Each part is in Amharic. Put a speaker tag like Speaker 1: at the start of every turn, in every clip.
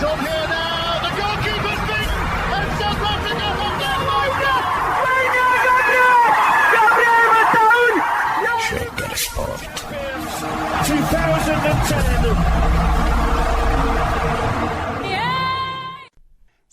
Speaker 1: Job here.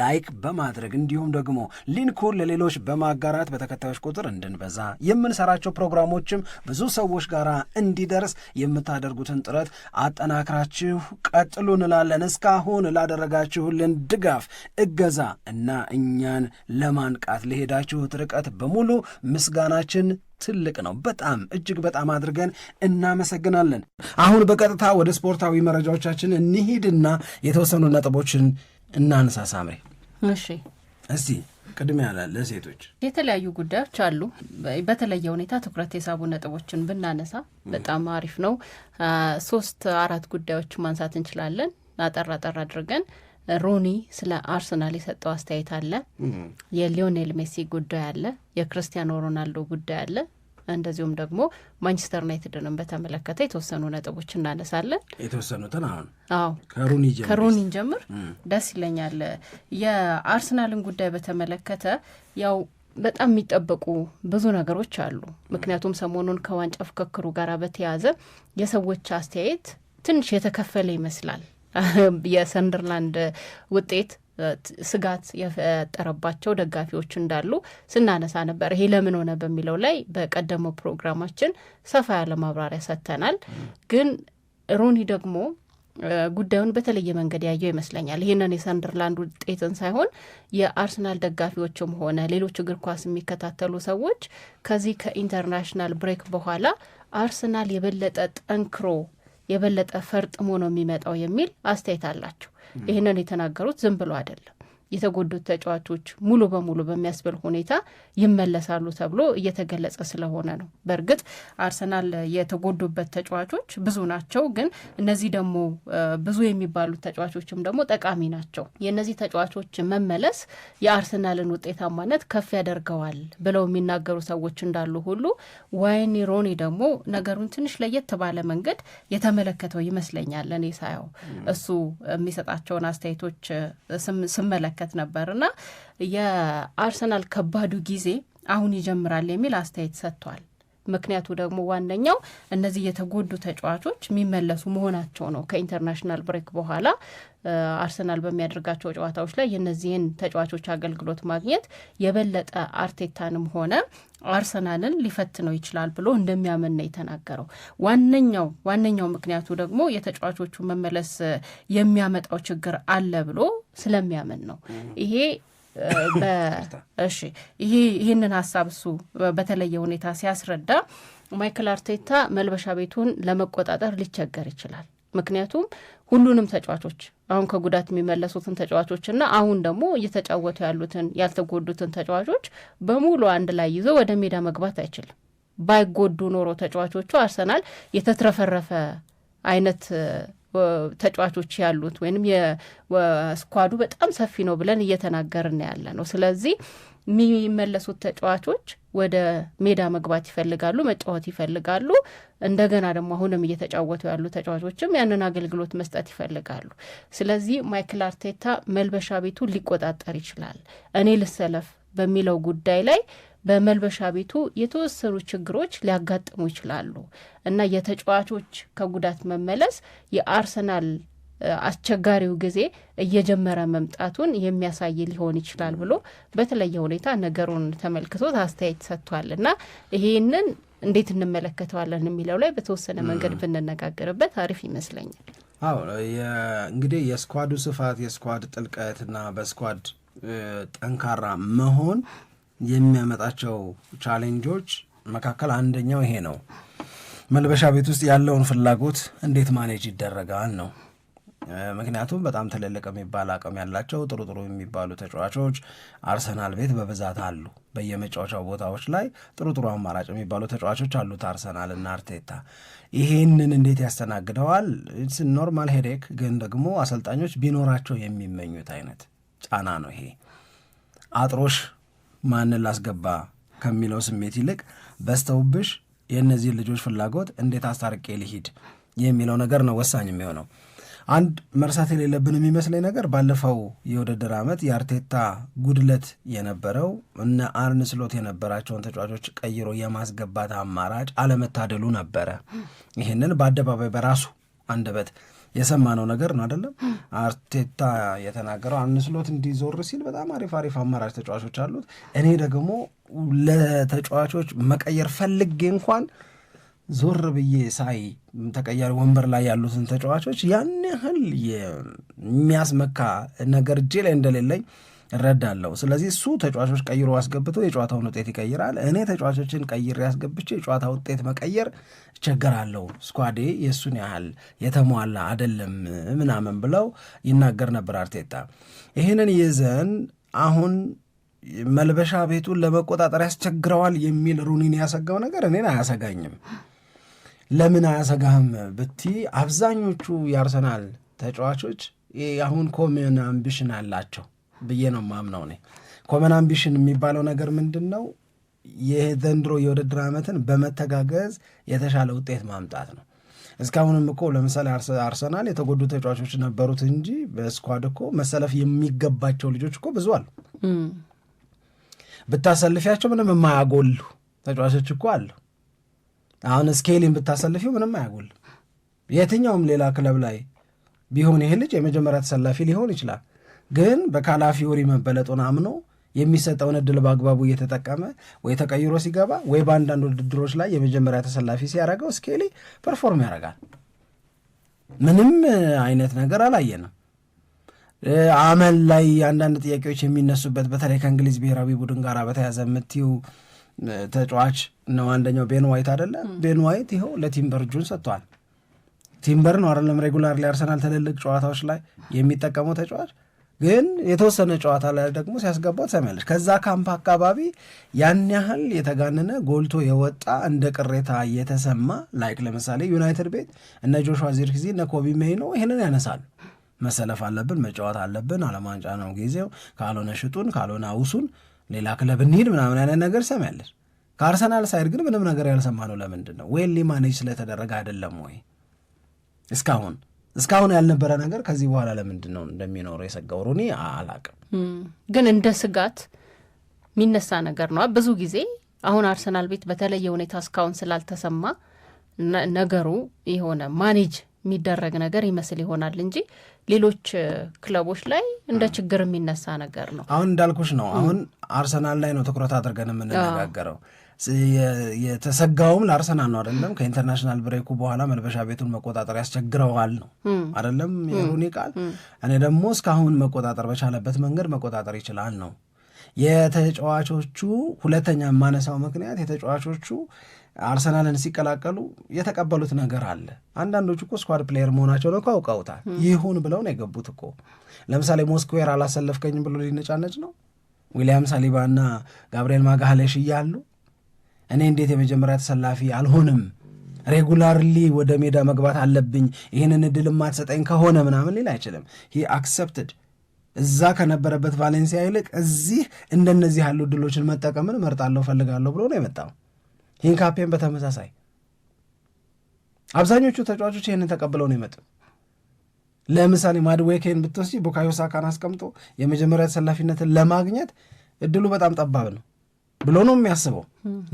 Speaker 1: ላይክ በማድረግ እንዲሁም ደግሞ ሊንኩን ለሌሎች በማጋራት በተከታዮች ቁጥር እንድንበዛ የምንሰራቸው ፕሮግራሞችም ብዙ ሰዎች ጋር እንዲደርስ የምታደርጉትን ጥረት አጠናክራችሁ ቀጥሉ እንላለን። እስካሁን ላደረጋችሁልን ድጋፍ፣ እገዛ እና እኛን ለማንቃት ለሄዳችሁት ርቀት በሙሉ ምስጋናችን ትልቅ ነው። በጣም እጅግ በጣም አድርገን እናመሰግናለን። አሁን በቀጥታ ወደ ስፖርታዊ መረጃዎቻችን እንሂድና የተወሰኑ ነጥቦችን እናንሳ ሳምሪ። እሺ እስቲ ቅድሚያ ያላለ ሴቶች
Speaker 2: የተለያዩ ጉዳዮች አሉ። በተለየ ሁኔታ ትኩረት የሳቡ ነጥቦችን ብናነሳ በጣም አሪፍ ነው። ሶስት አራት ጉዳዮች ማንሳት እንችላለን። አጠር አጠር አድርገን ሮኒ ስለ አርሰናል የሰጠው አስተያየት አለ፣ የሊዮኔል ሜሲ ጉዳይ አለ፣ የክርስቲያኖ ሮናልዶ ጉዳይ አለ፣ እንደዚሁም ደግሞ ማንቸስተር ዩናይትድንም በተመለከተ የተወሰኑ ነጥቦች እናነሳለን።
Speaker 1: የተወሰኑትን አሁን
Speaker 2: አዎ ከሩኒን ጀምር ደስ ይለኛል። የአርሰናልን ጉዳይ በተመለከተ ያው በጣም የሚጠበቁ ብዙ ነገሮች አሉ። ምክንያቱም ሰሞኑን ከዋንጫ ፍክክሩ ጋር በተያያዘ የሰዎች አስተያየት ትንሽ የተከፈለ ይመስላል። የሰንደርላንድ ውጤት ስጋት የፈጠረባቸው ደጋፊዎች እንዳሉ ስናነሳ ነበር። ይሄ ለምን ሆነ በሚለው ላይ በቀደመው ፕሮግራማችን ሰፋ ያለ ማብራሪያ ሰጥተናል። ግን ሮኒ ደግሞ ጉዳዩን በተለየ መንገድ ያየው ይመስለኛል። ይህንን የሰንደርላንድ ውጤትን ሳይሆን የአርሰናል ደጋፊዎችም ሆነ ሌሎች እግር ኳስ የሚከታተሉ ሰዎች ከዚህ ከኢንተርናሽናል ብሬክ በኋላ አርሰናል የበለጠ ጠንክሮ የበለጠ ፈርጥሞ ነው የሚመጣው የሚል አስተያየት አላቸው። ይህንን የተናገሩት ዝም ብሎ አይደለም። የተጎዱት ተጫዋቾች ሙሉ በሙሉ በሚያስብል ሁኔታ ይመለሳሉ ተብሎ እየተገለጸ ስለሆነ ነው። በእርግጥ አርሰናል የተጎዱበት ተጫዋቾች ብዙ ናቸው፣ ግን እነዚህ ደግሞ ብዙ የሚባሉት ተጫዋቾችም ደግሞ ጠቃሚ ናቸው። የእነዚህ ተጫዋቾች መመለስ የአርሰናልን ውጤታማነት ከፍ ያደርገዋል ብለው የሚናገሩ ሰዎች እንዳሉ ሁሉ ዋይኒ ሮኒ ደግሞ ነገሩን ትንሽ ለየት ባለ መንገድ የተመለከተው ይመስለኛል። እኔ ሳየው እሱ የሚሰጣቸውን አስተያየቶች ስመለከት ስንመለከት ነበር እና የአርሰናል ከባዱ ጊዜ አሁን ይጀምራል የሚል አስተያየት ሰጥቷል። ምክንያቱ ደግሞ ዋነኛው እነዚህ የተጎዱ ተጫዋቾች የሚመለሱ መሆናቸው ነው። ከኢንተርናሽናል ብሬክ በኋላ አርሰናል በሚያደርጋቸው ጨዋታዎች ላይ የእነዚህን ተጫዋቾች አገልግሎት ማግኘት የበለጠ አርቴታንም ሆነ አርሰናልን ሊፈትነው ይችላል ብሎ እንደሚያምን ነው የተናገረው። ዋነኛው ዋነኛው ምክንያቱ ደግሞ የተጫዋቾቹ መመለስ የሚያመጣው ችግር አለ ብሎ ስለሚያምን ነው ይሄ እሺ ይህንን ሀሳብ እሱ በተለየ ሁኔታ ሲያስረዳ ማይክል አርቴታ መልበሻ ቤቱን ለመቆጣጠር ሊቸገር ይችላል። ምክንያቱም ሁሉንም ተጫዋቾች አሁን ከጉዳት የሚመለሱትን ተጫዋቾችና አሁን ደግሞ እየተጫወቱ ያሉትን ያልተጎዱትን ተጫዋቾች በሙሉ አንድ ላይ ይዞ ወደ ሜዳ መግባት አይችልም። ባይጎዱ ኖሮ ተጫዋቾቹ አርሰናል የተትረፈረፈ አይነት ተጫዋቾች ያሉት ወይም የስኳዱ በጣም ሰፊ ነው ብለን እየተናገርን ያለ ነው። ስለዚህ የሚመለሱት ተጫዋቾች ወደ ሜዳ መግባት ይፈልጋሉ፣ መጫወት ይፈልጋሉ። እንደገና ደግሞ አሁንም እየተጫወቱ ያሉ ተጫዋቾችም ያንን አገልግሎት መስጠት ይፈልጋሉ። ስለዚህ ማይክል አርቴታ መልበሻ ቤቱ ሊቆጣጠር ይችላል። እኔ ልሰለፍ በሚለው ጉዳይ ላይ በመልበሻ ቤቱ የተወሰኑ ችግሮች ሊያጋጥሙ ይችላሉ እና የተጫዋቾች ከጉዳት መመለስ የአርሰናል አስቸጋሪው ጊዜ እየጀመረ መምጣቱን የሚያሳይ ሊሆን ይችላል ብሎ በተለየ ሁኔታ ነገሩን ተመልክቶት አስተያየት ሰጥቷል እና ይሄንን እንዴት እንመለከተዋለን የሚለው ላይ በተወሰነ መንገድ ብንነጋገርበት አሪፍ ይመስለኛል።
Speaker 1: አዎ እንግዲህ የስኳዱ ስፋት የስኳድ ጥልቀትና በስኳድ ጠንካራ መሆን የሚያመጣቸው ቻሌንጆች መካከል አንደኛው ይሄ ነው። መልበሻ ቤት ውስጥ ያለውን ፍላጎት እንዴት ማኔጅ ይደረጋል ነው። ምክንያቱም በጣም ትልልቅ የሚባል አቅም ያላቸው ጥሩ ጥሩ የሚባሉ ተጫዋቾች አርሰናል ቤት በብዛት አሉ። በየመጫወቻው ቦታዎች ላይ ጥሩ ጥሩ አማራጭ የሚባሉ ተጫዋቾች አሉት አርሰናል እና አርቴታ ይሄንን እንዴት ያስተናግደዋል? ኖርማል ሄዴክ ግን ደግሞ አሰልጣኞች ቢኖራቸው የሚመኙት አይነት ጫና ነው ይሄ አጥሮሽ ማንን ላስገባ ከሚለው ስሜት ይልቅ በስተውብሽ የእነዚህን ልጆች ፍላጎት እንዴት አስታርቄ ልሂድ የሚለው ነገር ነው ወሳኝ የሚሆነው። አንድ መርሳት የሌለብን የሚመስለኝ ነገር ባለፈው የውድድር ዓመት የአርቴታ ጉድለት የነበረው እነ አርነ ስሎት የነበራቸውን ተጫዋቾች ቀይሮ የማስገባት አማራጭ አለመታደሉ ነበረ። ይህንን በአደባባይ በራሱ አንደበት የሰማነው ነገር ነው አይደለም። አርቴታ የተናገረው አንስሎት እንዲዞር ሲል በጣም አሪፍ አሪፍ አማራጭ ተጫዋቾች አሉት። እኔ ደግሞ ለተጫዋቾች መቀየር ፈልጌ እንኳን ዞር ብዬ ሳይ ተቀያሪ ወንበር ላይ ያሉትን ተጫዋቾች ያን ያህል የሚያስመካ ነገር እጄ ላይ እንደሌለኝ እረዳለሁ። ስለዚህ እሱ ተጫዋቾች ቀይሮ አስገብቶ የጨዋታውን ውጤት ይቀይራል። እኔ ተጫዋቾችን ቀይሬ አስገብቼ የጨዋታ ውጤት መቀየር እቸገራለሁ፣ ስኳዴ የእሱን ያህል የተሟላ አይደለም ምናምን ብለው ይናገር ነበር አርቴታ። ይህንን ይዘን አሁን መልበሻ ቤቱን ለመቆጣጠር ያስቸግረዋል የሚል ሩኒን ያሰጋው ነገር እኔን አያሰጋኝም። ለምን አያሰጋህም ብቲ አብዛኞቹ የአርሰናል ተጫዋቾች አሁን ኮሜን አምቢሽን አላቸው ብዬ ነው ማምነው። እኔ ኮመን አምቢሽን የሚባለው ነገር ምንድን ነው? የዘንድሮ የውድድር ዓመትን በመተጋገዝ የተሻለ ውጤት ማምጣት ነው። እስካሁንም እኮ ለምሳሌ አርሰናል የተጎዱ ተጫዋቾች ነበሩት እንጂ በስኳድ እኮ መሰለፍ የሚገባቸው ልጆች እኮ ብዙ አሉ። ብታሰልፊያቸው ምንም የማያጎሉ ተጫዋቾች እኮ አሉ። አሁን ስኬሊን ብታሰልፊው ምንም አያጎሉ። የትኛውም ሌላ ክለብ ላይ ቢሆን ይህ ልጅ የመጀመሪያ ተሰላፊ ሊሆን ይችላል። ግን በካላፊዮሪ መበለጡን አምኖ የሚሰጠውን እድል በአግባቡ እየተጠቀመ ወይ ተቀይሮ ሲገባ ወይ በአንዳንድ ውድድሮች ላይ የመጀመሪያ ተሰላፊ ሲያደርገው ስኬሊ ፐርፎርም ያደርጋል። ምንም አይነት ነገር አላየንም። አመል ላይ አንዳንድ ጥያቄዎች የሚነሱበት በተለይ ከእንግሊዝ ብሔራዊ ቡድን ጋር በተያዘ የምትይው ተጫዋች ነው። አንደኛው ቤን ዋይት አደለ? ቤን ዋይት ይኸው ለቲምበር እጁን ሰጥቷል። ቲምበር ነው አይደለም ሬጉላር አርሰናል ትልልቅ ጨዋታዎች ላይ የሚጠቀመው ተጫዋች ግን የተወሰነ ጨዋታ ላይ ደግሞ ሲያስገባ ትሰሚያለች። ከዛ ካምፕ አካባቢ ያን ያህል የተጋነነ ጎልቶ የወጣ እንደ ቅሬታ የተሰማ ላይክ ለምሳሌ ዩናይትድ ቤት እነ ጆሹዋ ዚርክዚ እነ ኮቢ ሜይኖ ይህንን ያነሳሉ። መሰለፍ አለብን፣ መጫወት አለብን፣ አለማንጫ ነው ጊዜው፣ ካልሆነ ሽጡን፣ ካልሆነ አውሱን፣ ሌላ ክለብ እንሂድ ምናምን አይነት ነገር ሰሚያለች። ከአርሰናል ሳይድ ግን ምንም ነገር ያልሰማ ነው። ለምንድን ነው ወይ ሊማኔጅ ስለተደረገ አይደለም ወይ እስካሁን እስካሁን ያልነበረ ነገር ከዚህ በኋላ ለምንድን ነው እንደሚኖረው የሰጋው ሩኒ አላቅም።
Speaker 2: ግን እንደ ስጋት የሚነሳ ነገር ነው። ብዙ ጊዜ አሁን አርሰናል ቤት በተለየ ሁኔታ እስካሁን ስላልተሰማ ነገሩ የሆነ ማኔጅ የሚደረግ ነገር ይመስል ይሆናል እንጂ ሌሎች ክለቦች ላይ እንደ ችግር የሚነሳ ነገር ነው።
Speaker 1: አሁን እንዳልኩሽ ነው። አሁን አርሰናል ላይ ነው ትኩረት አድርገን የምንነጋገረው። የተሰጋውም ለአርሰናል ነው አደለም? ከኢንተርናሽናል ብሬኩ በኋላ መልበሻ ቤቱን መቆጣጠር ያስቸግረዋል ነው አደለም? የሩኒ ቃል እኔ ደግሞ እስካሁን መቆጣጠር በቻለበት መንገድ መቆጣጠር ይችላል ነው የተጫዋቾቹ ሁለተኛ የማነሳው ምክንያት የተጫዋቾቹ አርሰናልን ሲቀላቀሉ የተቀበሉት ነገር አለ። አንዳንዶቹ እኮ ስኳድ ፕሌየር መሆናቸውን እኮ አውቀውታል። ይሁን ብለው ነው የገቡት እኮ። ለምሳሌ ሞስኩዌር አላሰለፍከኝም ብሎ ሊነጫነጭ ነው። ዊሊያም ሳሊባ እና ጋብርኤል ማጋሃሌሽ እያሉ እኔ እንዴት የመጀመሪያ ተሰላፊ አልሆንም? ሬጉላርሊ ወደ ሜዳ መግባት አለብኝ፣ ይህንን እድል ማትሰጠኝ ከሆነ ምናምን ሊል አይችልም። ሂ አክሰፕትድ እዛ ከነበረበት ቫሌንሲያ ይልቅ እዚህ እንደነዚህ ያሉ እድሎችን መጠቀምን መርጣለሁ ፈልጋለሁ ብሎ ነው የመጣው። ሂንካፔን በተመሳሳይ አብዛኞቹ ተጫዋቾች ይህንን ተቀብለው ነው የመጡት። ለምሳሌ ማድዌኬን ብትወስጂ ቡካዮ ሳካን አስቀምጦ የመጀመሪያ ተሰላፊነትን ለማግኘት እድሉ በጣም ጠባብ ነው ብሎ ነው የሚያስበው።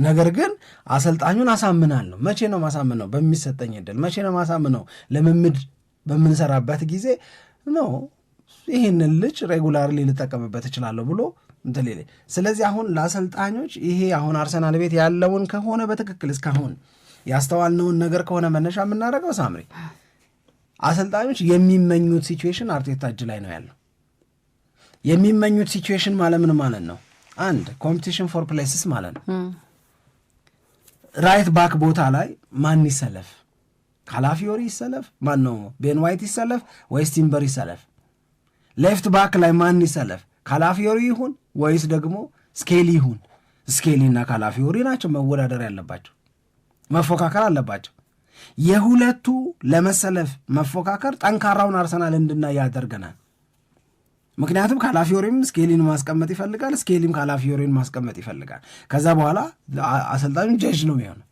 Speaker 1: ነገር ግን አሰልጣኙን አሳምናለሁ። መቼ ነው ማሳምነው? በሚሰጠኝ እድል። መቼ ነው ማሳምነው? ልምምድ በምንሰራበት ጊዜ ነው። ይህንን ልጅ ሬጉላርሊ ልጠቀምበት እችላለሁ ብሎ እንትን ሌለ። ስለዚህ አሁን ለአሰልጣኞች ይሄ አሁን አርሰናል ቤት ያለውን ከሆነ በትክክል እስካሁን ያስተዋልነውን ነገር ከሆነ መነሻ የምናደርገው ሳምሪ አሰልጣኞች የሚመኙት ሲትዌሽን አርቴታ እጅ ላይ ነው ያለው። የሚመኙት ሲትዌሽን ማለት ምን ማለት ነው? አንድ ኮምፒቲሽን ፎር ፕሌስስ ማለት ነው። ራይት ባክ ቦታ ላይ ማን ይሰለፍ? ካላፊዮሪ ይሰለፍ? ማን ነው ቤን ዋይት ይሰለፍ ወይስ ቲምበር ይሰለፍ? ሌፍት ባክ ላይ ማን ይሰለፍ? ካላፊዮሪ ይሁን ወይስ ደግሞ ስኬሊ ይሁን? ስኬሊና ካላፊዮሪ ናቸው መወዳደር ያለባቸው፣ መፎካከር አለባቸው። የሁለቱ ለመሰለፍ መፎካከር ጠንካራውን አርሰናል እንድናይ ያደርገናል። ምክንያቱም ካላፊዮሪም ስኬሊን ማስቀመጥ ይፈልጋል፣ ስኬሊም ካላፊዮሪን ማስቀመጥ ይፈልጋል። ከዛ በኋላ አሰልጣኙ ጀጅ ነው የሚሆነው።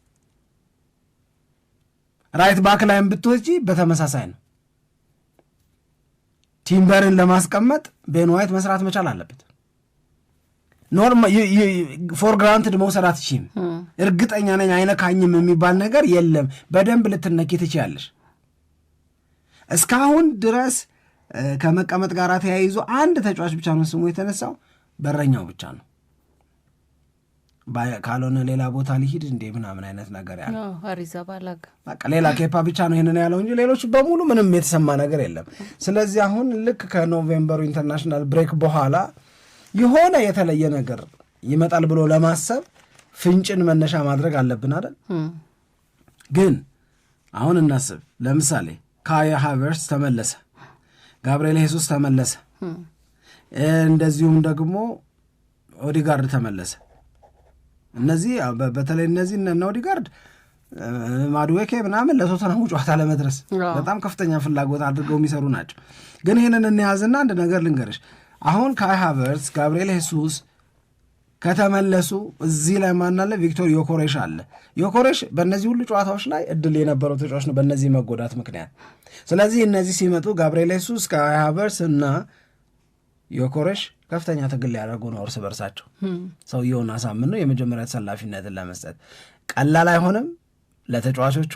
Speaker 1: ራይት ባክ ላይም ብትወጪ በተመሳሳይ ነው። ቲምበርን ለማስቀመጥ ቤን ዋይት መስራት መቻል አለበት። ፎር ግራንትድ መውሰድ አትችይም። እርግጠኛ ነኝ አይነካኝም የሚባል ነገር የለም። በደንብ ልትነኪ ትችያለሽ። እስካሁን ድረስ ከመቀመጥ ጋር ተያይዞ አንድ ተጫዋች ብቻ ነው ስሙ የተነሳው፣ በረኛው ብቻ ነው። ካልሆነ ሌላ ቦታ ሊሂድ እንዴ ምናምን አይነት ነገር ያለ ሌላ ኬፓ ብቻ ነው ይህንን ያለው እንጂ ሌሎች በሙሉ ምንም የተሰማ ነገር የለም። ስለዚህ አሁን ልክ ከኖቬምበሩ ኢንተርናሽናል ብሬክ በኋላ የሆነ የተለየ ነገር ይመጣል ብሎ ለማሰብ ፍንጭን መነሻ ማድረግ አለብን አይደል? ግን አሁን እናስብ። ለምሳሌ ካየ ሃቨርስ ተመለሰ፣ ጋብርኤል ሄሱስ ተመለሰ፣ እንደዚሁም ደግሞ ኦዲጋርድ ተመለሰ እነዚህ በተለይ እነዚህ እነ ኖዲጋርድ ማድዌኬ ምናምን ለቶተንሃሙ ጨዋታ ለመድረስ በጣም ከፍተኛ ፍላጎት አድርገው የሚሰሩ ናቸው። ግን ይህንን እንያዝና አንድ ነገር ልንገርሽ። አሁን ካይ ሃቨርትስ፣ ጋብርኤል ሄሱስ ከተመለሱ እዚህ ላይ ማናለ ቪክቶር ዮኮሬሽ አለ። ዮኮሬሽ በእነዚህ ሁሉ ጨዋታዎች ላይ እድል የነበረው ተጫዋች ነው በእነዚህ መጎዳት ምክንያት። ስለዚህ እነዚህ ሲመጡ ጋብርኤል ሄሱስ፣ ካይ ሃቨርትስ እና ዮኮሬሽ ከፍተኛ ትግል ያደረጉ ነው እርስ በርሳቸው። ሰውየውን አሳምን ነው የመጀመሪያ ተሰላፊነትን ለመስጠት ቀላል አይሆንም። ለተጫዋቾቹ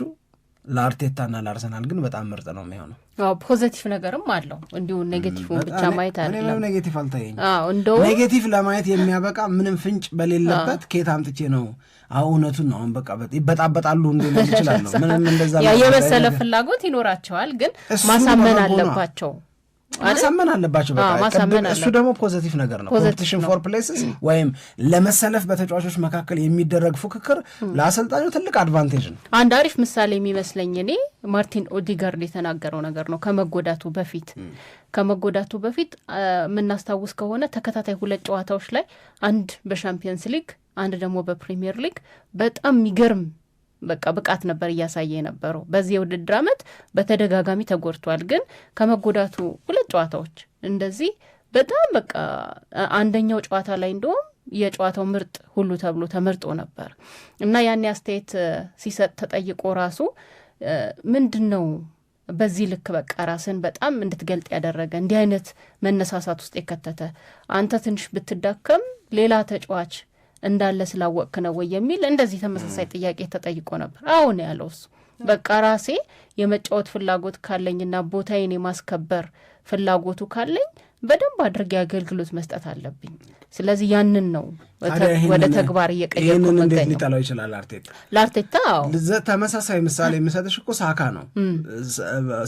Speaker 1: ለአርቴታና ለአርሰናል ግን በጣም ምርጥ ነው የሚሆነው።
Speaker 2: ፖዘቲቭ ነገርም አለው እንዲሁ ኔጌቲቭን ብቻ ማየት አይደለም።
Speaker 1: ኔጌቲቭ አልታየኝ። እንደውም ኔጌቲቭ ለማየት የሚያበቃ ምንም ፍንጭ በሌለበት ኬት አምጥቼ ነው እውነቱን ነው። አሁን በቃ ይበጣበጣሉ እንዲ ይችላለሁ
Speaker 2: ምንም እንደዛ የመሰለ ፍላጎት ይኖራቸዋል፣ ግን ማሳመን አለባቸው።
Speaker 1: ማሳመን አለባቸው። እሱ ደግሞ ፖዘቲቭ ነገር ነው። ኮምፒቲሽን ፎር ፕሌስስ ወይም ለመሰለፍ በተጫዋቾች መካከል የሚደረግ ፉክክር ለአሰልጣኙ ትልቅ አድቫንቴጅ ነው።
Speaker 2: አንድ አሪፍ ምሳሌ የሚመስለኝ እኔ ማርቲን ኦዲጋርድ የተናገረው ነገር ነው። ከመጎዳቱ በፊት ከመጎዳቱ በፊት የምናስታውስ ከሆነ ተከታታይ ሁለት ጨዋታዎች ላይ አንድ በሻምፒየንስ ሊግ አንድ ደግሞ በፕሪሚየር ሊግ በጣም የሚገርም በቃ ብቃት ነበር እያሳየ የነበረው። በዚህ የውድድር ዓመት በተደጋጋሚ ተጎድቷል። ግን ከመጎዳቱ ሁለት ጨዋታዎች እንደዚህ በጣም በቃ አንደኛው ጨዋታ ላይ እንደውም የጨዋታው ምርጥ ሁሉ ተብሎ ተመርጦ ነበር እና ያኔ አስተያየት ሲሰጥ ተጠይቆ ራሱ ምንድን ነው በዚህ ልክ በቃ ራስን በጣም እንድትገልጥ ያደረገ እንዲህ አይነት መነሳሳት ውስጥ የከተተ አንተ ትንሽ ብትዳከም ሌላ ተጫዋች እንዳለ ስላወቅክ ነው ወይ የሚል እንደዚህ ተመሳሳይ ጥያቄ ተጠይቆ ነበር። አሁን ያለው እሱ በቃ ራሴ የመጫወት ፍላጎት ካለኝና ቦታዬን የማስከበር ፍላጎቱ ካለኝ በደንብ አድርጌ አገልግሎት መስጠት አለብኝ። ስለዚህ ያንን ነው ወደ ተግባር እየቀየርኩ
Speaker 1: ይህንን እንዴት ሊጠላው ይችላል? አርቴታ ለአርቴታ ተመሳሳይ ምሳሌ የምሰጥሽ እኮ ሳካ ነው።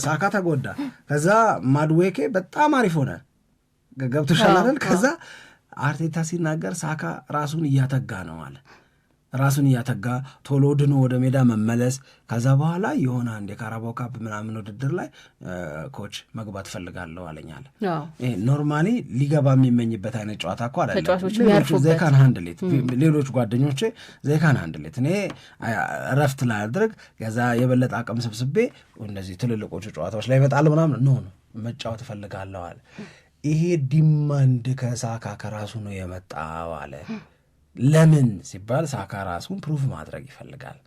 Speaker 1: ሳካ ተጎዳ፣ ከዛ ማድዌኬ በጣም አሪፍ ሆነ። ገብቶሻል አይደል? ከዛ አርቴታ ሲናገር ሳካ ራሱን እያተጋ ነው አለ። ራሱን እያተጋ ቶሎ ድኖ ወደ ሜዳ መመለስ፣ ከዛ በኋላ የሆነ አንድ የካራባው ካፕ ምናምን ውድድር ላይ ኮች መግባት ፈልጋለሁ አለኝ አለ። ኖርማሊ ሊገባ የሚመኝበት አይነት ጨዋታ እኮ አለ። ዘይካን ሀንድሌት ሌሎች ጓደኞቼ ዘይካን ሀንድሌት እኔ እረፍት ላድርግ ከዛ የበለጠ አቅም ስብስቤ እነዚህ ትልልቆቹ ጨዋታዎች ላይ ይመጣል ምናምን ኖ ነው መጫወት እፈልጋለሁ አለ። ይሄ ዲማንድ ከሳካ ከራሱ ነው የመጣው አለ። ለምን ሲባል ሳካ ራሱን ፕሩፍ ማድረግ ይፈልጋል።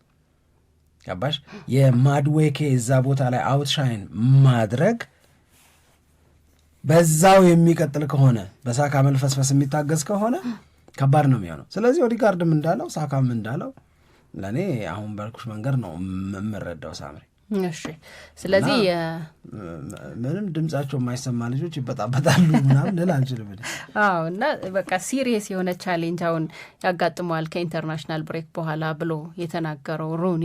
Speaker 1: ገባሽ? የማድዌኬ እዛ ቦታ ላይ አውትሻይን ማድረግ በዛው የሚቀጥል ከሆነ በሳካ መልፈስፈስ የሚታገዝ ከሆነ ከባድ ነው የሚሆነው። ስለዚህ ኦዲጋርድም እንዳለው ሳካም እንዳለው ለእኔ አሁን ባልኩሽ መንገድ ነው የምረዳው ሳምሪ
Speaker 2: እሺ ስለዚህ
Speaker 1: ምንም ድምጻቸው የማይሰማ ልጆች ይበጣበጣሉ ምናምን ልል አልችልም።
Speaker 2: አዎ እና በቃ ሲሪየስ የሆነ ቻሌንጅ አሁን ያጋጥመዋል ከኢንተርናሽናል ብሬክ በኋላ ብሎ የተናገረው ሩኒ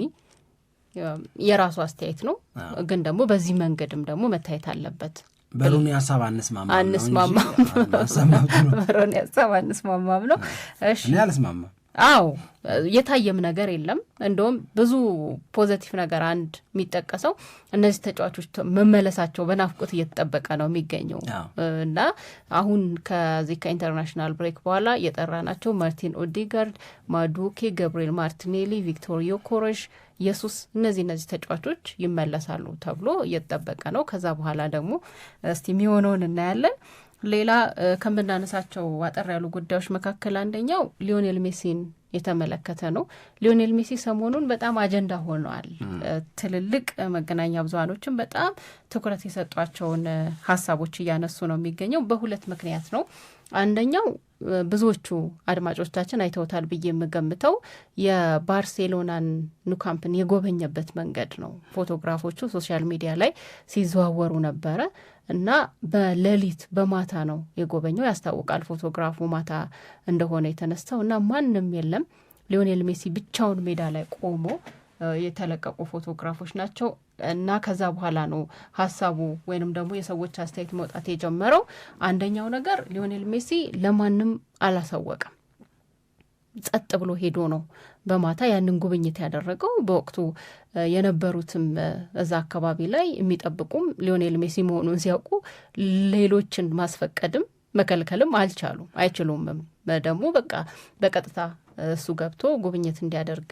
Speaker 2: የራሱ አስተያየት ነው፣ ግን ደግሞ በዚህ መንገድም ደግሞ መታየት አለበት።
Speaker 1: በሩኒ ሀሳብ አንስማማ
Speaker 2: አንስማማም ነው። በሩኒ ሀሳብ አንስማማም ነው።
Speaker 1: እሺ እኔ አልስማማም
Speaker 2: አዎ የታየም ነገር የለም። እንደውም ብዙ ፖዘቲቭ ነገር አንድ የሚጠቀሰው እነዚህ ተጫዋቾች መመለሳቸው በናፍቆት እየተጠበቀ ነው የሚገኘው እና አሁን ከዚህ ከኢንተርናሽናል ብሬክ በኋላ የጠራ ናቸው ማርቲን ኦዲጋርድ፣ ማዱኬ፣ ገብርኤል ማርቲኔሊ፣ ቪክቶር ዮኮረሽ፣ ኢየሱስ እነዚህ እነዚህ ተጫዋቾች ይመለሳሉ ተብሎ እየተጠበቀ ነው። ከዛ በኋላ ደግሞ እስቲ የሚሆነውን እናያለን። ሌላ ከምናነሳቸው አጠር ያሉ ጉዳዮች መካከል አንደኛው ሊዮኔል ሜሲን የተመለከተ ነው። ሊዮኔል ሜሲ ሰሞኑን በጣም አጀንዳ ሆነዋል። ትልልቅ መገናኛ ብዙሃኖችን በጣም ትኩረት የሰጧቸውን ሀሳቦች እያነሱ ነው የሚገኘው በሁለት ምክንያት ነው። አንደኛው ብዙዎቹ አድማጮቻችን አይተውታል ብዬ የምገምተው የባርሴሎናን ኑካምፕን የጎበኘበት መንገድ ነው። ፎቶግራፎቹ ሶሻል ሚዲያ ላይ ሲዘዋወሩ ነበረ። እና በሌሊት በማታ ነው የጎበኘው። ያስታውቃል ፎቶግራፉ ማታ እንደሆነ የተነሳው እና ማንም የለም ሊዮኔል ሜሲ ብቻውን ሜዳ ላይ ቆሞ የተለቀቁ ፎቶግራፎች ናቸው እና ከዛ በኋላ ነው ሀሳቡ ወይንም ደግሞ የሰዎች አስተያየት መውጣት የጀመረው። አንደኛው ነገር ሊዮኔል ሜሲ ለማንም አላሳወቀም፣ ጸጥ ብሎ ሄዶ ነው በማታ ያንን ጉብኝት ያደረገው በወቅቱ የነበሩትም እዛ አካባቢ ላይ የሚጠብቁም ሊዮኔል ሜሲ መሆኑን ሲያውቁ ሌሎችን ማስፈቀድም መከልከልም አልቻሉም አይችሉምም። ደግሞ በቃ በቀጥታ እሱ ገብቶ ጉብኝት እንዲያደርግ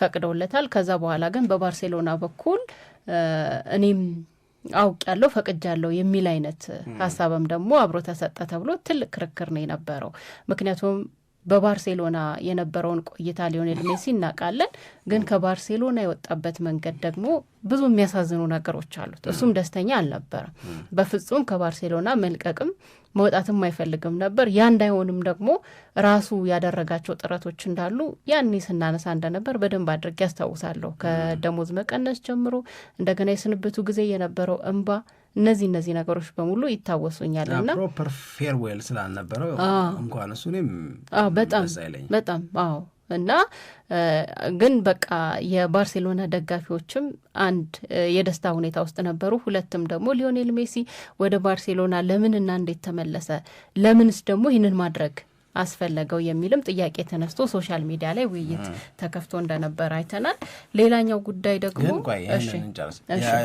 Speaker 2: ፈቅደውለታል። ከዛ በኋላ ግን በባርሴሎና በኩል እኔም አውቅ ያለው ፈቅጅ ያለው የሚል አይነት ሀሳብም ደግሞ አብሮ ተሰጠ ተብሎ ትልቅ ክርክር ነው የነበረው ምክንያቱም በባርሴሎና የነበረውን ቆይታ ሊዮኔል ሜሲ እናውቃለን። ግን ከባርሴሎና የወጣበት መንገድ ደግሞ ብዙ የሚያሳዝኑ ነገሮች አሉት። እሱም ደስተኛ አልነበረም በፍጹም ከባርሴሎና መልቀቅም መውጣትም አይፈልግም ነበር። ያ እንዳይሆንም ደግሞ ራሱ ያደረጋቸው ጥረቶች እንዳሉ ያኔ ስናነሳ እንደነበር በደንብ አድርጌ ያስታውሳለሁ። ከደሞዝ መቀነስ ጀምሮ እንደገና የስንብቱ ጊዜ የነበረው እንባ፣ እነዚህ እነዚህ ነገሮች በሙሉ ይታወሱኛል እና
Speaker 1: ፕሮፐር ፌርዌል ስላልነበረው እንኳን እሱ
Speaker 2: በጣም በጣም አዎ እና ግን በቃ የባርሴሎና ደጋፊዎችም አንድ የደስታ ሁኔታ ውስጥ ነበሩ፣ ሁለትም ደግሞ ሊዮኔል ሜሲ ወደ ባርሴሎና ለምንና እንዴት ተመለሰ? ለምንስ ደግሞ ይህንን ማድረግ አስፈለገው የሚልም ጥያቄ ተነስቶ ሶሻል ሚዲያ ላይ ውይይት ተከፍቶ እንደነበረ አይተናል። ሌላኛው ጉዳይ ደግሞ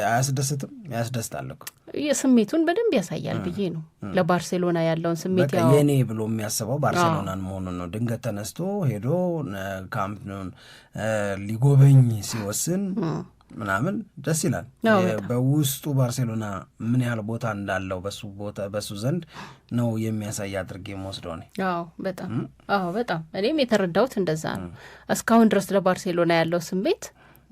Speaker 1: አያስደስትም ያስደስታል እኮ
Speaker 2: ስሜቱን በደንብ ያሳያል ብዬ ነው። ለባርሴሎና ያለውን ስሜት
Speaker 1: የኔ ብሎ የሚያስበው ባርሴሎናን መሆኑን ነው። ድንገት ተነስቶ ሄዶ ካምፕ ሊጎበኝ ሲወስን ምናምን ደስ ይላል። በውስጡ ባርሴሎና ምን ያህል ቦታ እንዳለው በሱ ዘንድ ነው የሚያሳይ አድርጌ የምወስደው እኔ።
Speaker 2: አዎ በጣም አዎ በጣም እኔም የተረዳሁት እንደዛ ነው። እስካሁን ድረስ ለባርሴሎና ያለው ስሜት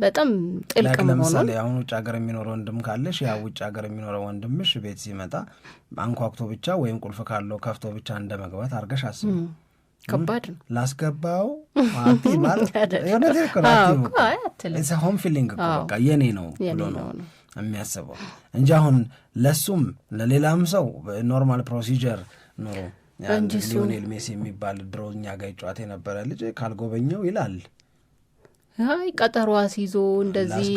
Speaker 2: በጣም
Speaker 1: ጥልቅ ለምሳሌ አሁን ውጭ ሀገር የሚኖረ ወንድም ካለሽ ያ ውጭ ሀገር የሚኖረ ወንድምሽ ቤት ሲመጣ አንኳኩቶ ብቻ ወይም ቁልፍ ካለው ከፍቶ ብቻ እንደ መግባት አድርገሽ አስብ ከባድ ነው ላስገባው ማቲ ሆም ፊሊንግ በቃ የኔ ነው ብሎ ነው የሚያስበው እንጂ አሁን ለሱም ለሌላም ሰው ኖርማል ፕሮሲጀር ኖሮ ሊዮኔል ሜሲ የሚባል ድሮ እኛ ጋ ጨዋት የነበረ ልጅ ካልጎበኘው ይላል።
Speaker 2: አይ ቀጠሮ አስይዞ እንደዚህ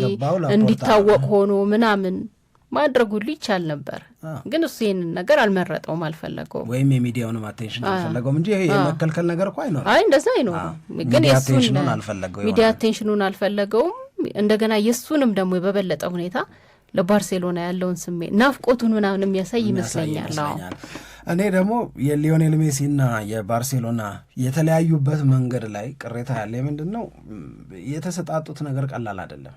Speaker 2: እንዲታወቅ ሆኖ ምናምን ማድረግ ሁሉ ይቻል ነበር፣ ግን እሱ ይህንን ነገር አልመረጠውም፣ አልፈለገውም። ወይም
Speaker 1: የሚዲያውንም አቴንሽን አልፈለገውም እንጂ ይሄ የመከልከል ነገር እኮ አይኖርም። አይ
Speaker 2: እንደዛ አይኖርም፣
Speaker 1: ግን አልፈለገው ሚዲያ
Speaker 2: አቴንሽኑን አልፈለገውም። እንደገና የእሱንም ደግሞ የበበለጠ ሁኔታ ለባርሴሎና ያለውን ስሜት ናፍቆቱን ምናምን የሚያሳይ ይመስለኛል።
Speaker 1: እኔ ደግሞ የሊዮኔል ሜሲና የባርሴሎና የተለያዩበት መንገድ ላይ ቅሬታ ያለ ምንድን ነው የተሰጣጡት ነገር ቀላል አይደለም።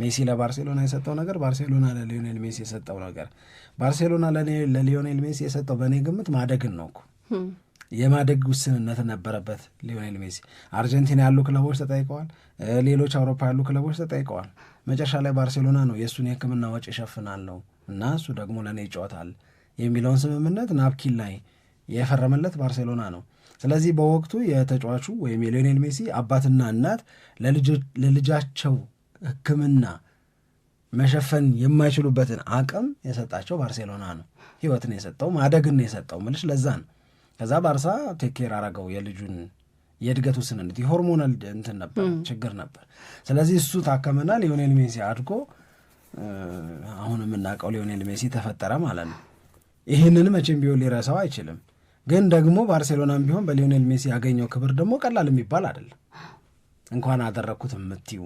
Speaker 1: ሜሲ ለባርሴሎና የሰጠው ነገር ባርሴሎና ለሊዮኔል ሜሲ የሰጠው ነገር ባርሴሎና ለሊዮኔል ሜሲ የሰጠው በእኔ ግምት ማደግን ነው እኮ የማደግ ውስንነት ነበረበት ሊዮኔል ሜሲ። አርጀንቲና ያሉ ክለቦች ተጠይቀዋል፣ ሌሎች አውሮፓ ያሉ ክለቦች ተጠይቀዋል። መጨረሻ ላይ ባርሴሎና ነው የእሱን የሕክምና ወጪ ይሸፍናል ነው እና እሱ ደግሞ ለእኔ ይጫወታል የሚለውን ስምምነት ናፕኪን ላይ የፈረመለት ባርሴሎና ነው። ስለዚህ በወቅቱ የተጫዋቹ ወይም የሊዮኔል ሜሲ አባትና እናት ለልጃቸው ህክምና መሸፈን የማይችሉበትን አቅም የሰጣቸው ባርሴሎና ነው። ህይወትን የሰጠው ማደግን የሰጠው ምልሽ ለዛ ነው። ከዛ ባርሳ ቴኬር አረገው የልጁን የእድገት ውስንነት የሆርሞናል እንትን ነበር ችግር ነበር። ስለዚህ እሱ ታከመና ሊዮኔል ሜሲ አድጎ አሁን የምናውቀው ሊዮኔል ሜሲ ተፈጠረ ማለት ነው። ይህንን መቼም ቢሆን ሊረሳው አይችልም። ግን ደግሞ ባርሴሎናም ቢሆን በሊዮኔል ሜሲ ያገኘው ክብር ደግሞ ቀላል የሚባል አይደለም። እንኳን አደረግኩት የምትዩ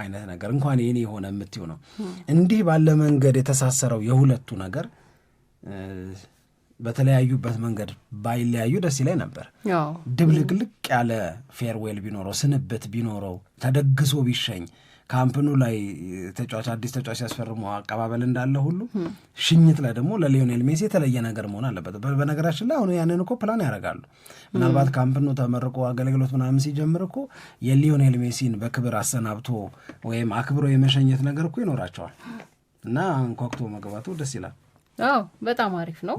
Speaker 1: አይነት ነገር እንኳን የኔ የሆነ የምትይው ነው። እንዲህ ባለ መንገድ የተሳሰረው የሁለቱ ነገር በተለያዩበት መንገድ ባይለያዩ ደስ ይላይ ነበር። ድብልቅልቅ ያለ ፌርዌል ቢኖረው፣ ስንብት ቢኖረው፣ ተደግሶ ቢሸኝ ካምፕኑ ላይ ተጫዋች አዲስ ተጫዋች ሲያስፈርሙ አቀባበል እንዳለ ሁሉ ሽኝት ላይ ደግሞ ለሊዮኔል ሜሲ የተለየ ነገር መሆን አለበት። በነገራችን ላይ አሁን ያንን እኮ ፕላን ያደርጋሉ። ምናልባት ካምፕኑ ተመርቆ አገልግሎት ምናምን ሲጀምር እኮ የሊዮኔል ሜሲን በክብር አሰናብቶ ወይም አክብሮ የመሸኘት ነገር እኮ ይኖራቸዋል እና አንኳኩቶ መግባቱ ደስ ይላል።
Speaker 2: አዎ በጣም አሪፍ ነው።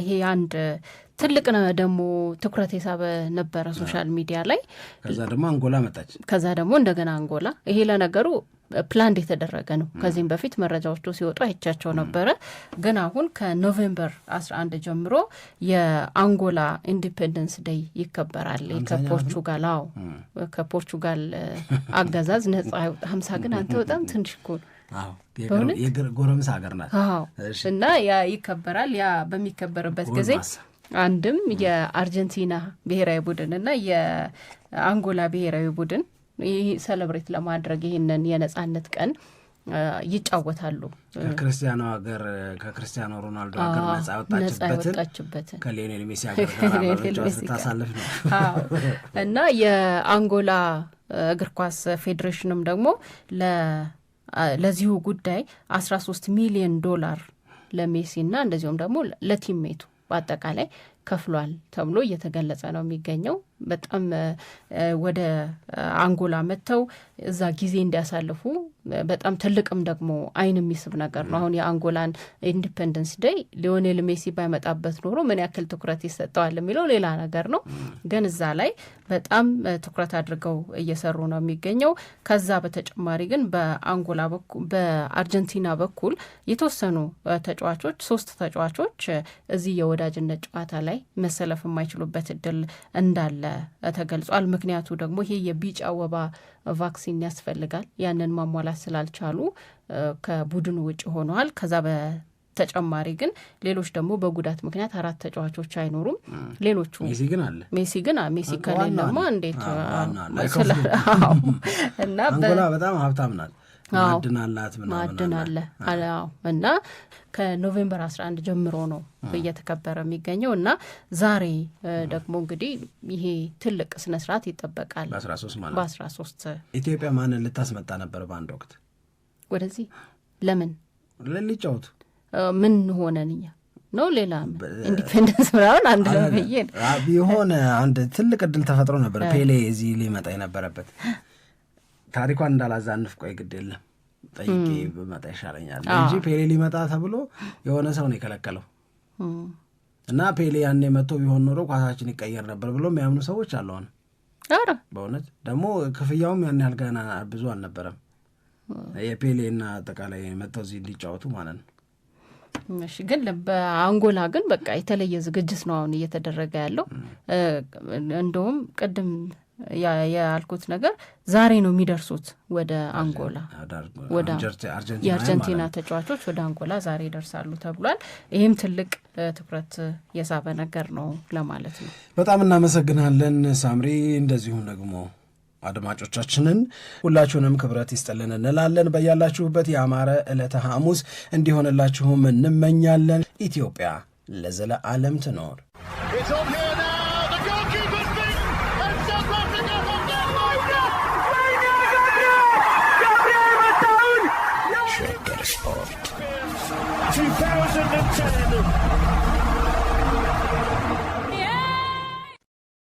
Speaker 2: ይሄ አንድ ትልቅ ደግሞ ትኩረት የሳበ ነበረ ሶሻል ሚዲያ ላይ።
Speaker 1: ከዛ ደግሞ አንጎላ መጣች። ከዛ
Speaker 2: ደግሞ እንደገና አንጎላ። ይሄ ለነገሩ ፕላንድ የተደረገ ነው። ከዚህም በፊት መረጃዎቹ ሲወጡ አይቻቸው ነበረ። ግን አሁን ከኖቬምበር 11 ጀምሮ የአንጎላ ኢንዲፔንደንስ ደይ ይከበራል። ከፖርቹጋል አዎ ከፖርቹጋል አገዛዝ ነጻ ሀምሳ ግን አንተ በጣም ትንሽ እኮ ነው
Speaker 1: ጎረምስ ሀገር ናት
Speaker 2: እና ያ ይከበራል። ያ በሚከበርበት ጊዜ አንድም የአርጀንቲና ብሔራዊ ቡድን እና የአንጎላ ብሔራዊ ቡድን ይህ ሰለብሬት ለማድረግ ይህንን የነጻነት ቀን ይጫወታሉ።
Speaker 1: ከክርስቲያኖ ሀገር ከክርስቲያኖ ሮናልዶ ሀገር ነጻ ያወጣችበትን ከሊዮኔል ሜሲ ሀገር ነው
Speaker 2: እና የአንጎላ እግር ኳስ ፌዴሬሽንም ደግሞ ለ ለዚሁ ጉዳይ 13 ሚሊዮን ዶላር ለሜሲ እና እንደዚሁም ደግሞ ለቲሜቱ በአጠቃላይ ከፍሏል ተብሎ እየተገለጸ ነው የሚገኘው። በጣም ወደ አንጎላ መጥተው እዛ ጊዜ እንዲያሳልፉ በጣም ትልቅም ደግሞ አይን የሚስብ ነገር ነው። አሁን የአንጎላን ኢንዲፐንደንስ ደይ ሊዮኔል ሜሲ ባይመጣበት ኖሮ ምን ያክል ትኩረት ይሰጠዋል የሚለው ሌላ ነገር ነው። ግን እዛ ላይ በጣም ትኩረት አድርገው እየሰሩ ነው የሚገኘው። ከዛ በተጨማሪ ግን በአንጎላ በኩል በአርጀንቲና በኩል የተወሰኑ ተጫዋቾች ሶስት ተጫዋቾች እዚህ የወዳጅነት ጨዋታ ላይ መሰለፍ የማይችሉበት እድል እንዳለ ተገልጿል። ምክንያቱ ደግሞ ይሄ የቢጫ ወባ ቫክሲን ያስፈልጋል። ያንን ማሟላት ስላልቻሉ ከቡድኑ ውጭ ሆነዋል። ከዛ በተጨማሪ ግን ሌሎች ደግሞ በጉዳት ምክንያት አራት ተጫዋቾች አይኖሩም። ሌሎቹ ሜሲ
Speaker 1: ግን አለ ሜሲ
Speaker 2: ግን ሜሲ ከሌለማ እንዴት እና
Speaker 1: በጣም ሀብታም ናት
Speaker 2: ማድናላት አላት እና ከኖቬምበር 11 ጀምሮ ነው እየተከበረ የሚገኘው እና ዛሬ ደግሞ እንግዲህ ይሄ ትልቅ ስነስርዓት ይጠበቃል
Speaker 1: በአስራ ሶስት ኢትዮጵያ ማንን ልታስመጣ ነበር በአንድ ወቅት
Speaker 2: ወደዚህ? ለምን ልንጫወቱ ምን ሆነን እኛ ነው ሌላ ኢንዲፔንደንስ ምናምን
Speaker 1: አንድ ነው ብዬ የሆነ አንድ ትልቅ እድል ተፈጥሮ ነበር። ፔሌ እዚህ ሊመጣ የነበረበት ታሪኳን እንዳላዛንፍ ቆይ ግድ የለም ጠይቄ ብመጣ ይሻለኛል እንጂ ፔሌ ሊመጣ ተብሎ የሆነ ሰው ነው የከለከለው እና ፔሌ ያኔ መጥቶ ቢሆን ኖሮ ኳሳችን ይቀየር ነበር ብሎ የሚያምኑ ሰዎች አለሆነ በእውነት ደግሞ ክፍያውም ያን ያህል ገና ብዙ አልነበረም። እና አጠቃላይ መጥተው እዚህ እንዲጫወቱ ማለት ነው።
Speaker 2: እሺ ግን በአንጎላ ግን በቃ የተለየ ዝግጅት ነው አሁን እየተደረገ ያለው እንደውም ቅድም ያልኩት ነገር ዛሬ ነው የሚደርሱት ወደ አንጎላ ወደ የአርጀንቲና ተጫዋቾች ወደ አንጎላ ዛሬ ይደርሳሉ ተብሏል። ይህም ትልቅ ትኩረት የሳበ ነገር ነው ለማለት ነው።
Speaker 1: በጣም እናመሰግናለን ሳምሪ፣ እንደዚሁም ደግሞ አድማጮቻችንን ሁላችሁንም ክብረት ይስጥልን እንላለን። በያላችሁበት የአማረ ዕለተ ሐሙስ እንዲሆንላችሁም እንመኛለን። ኢትዮጵያ ለዘለዓለም ትኖር። Marcelo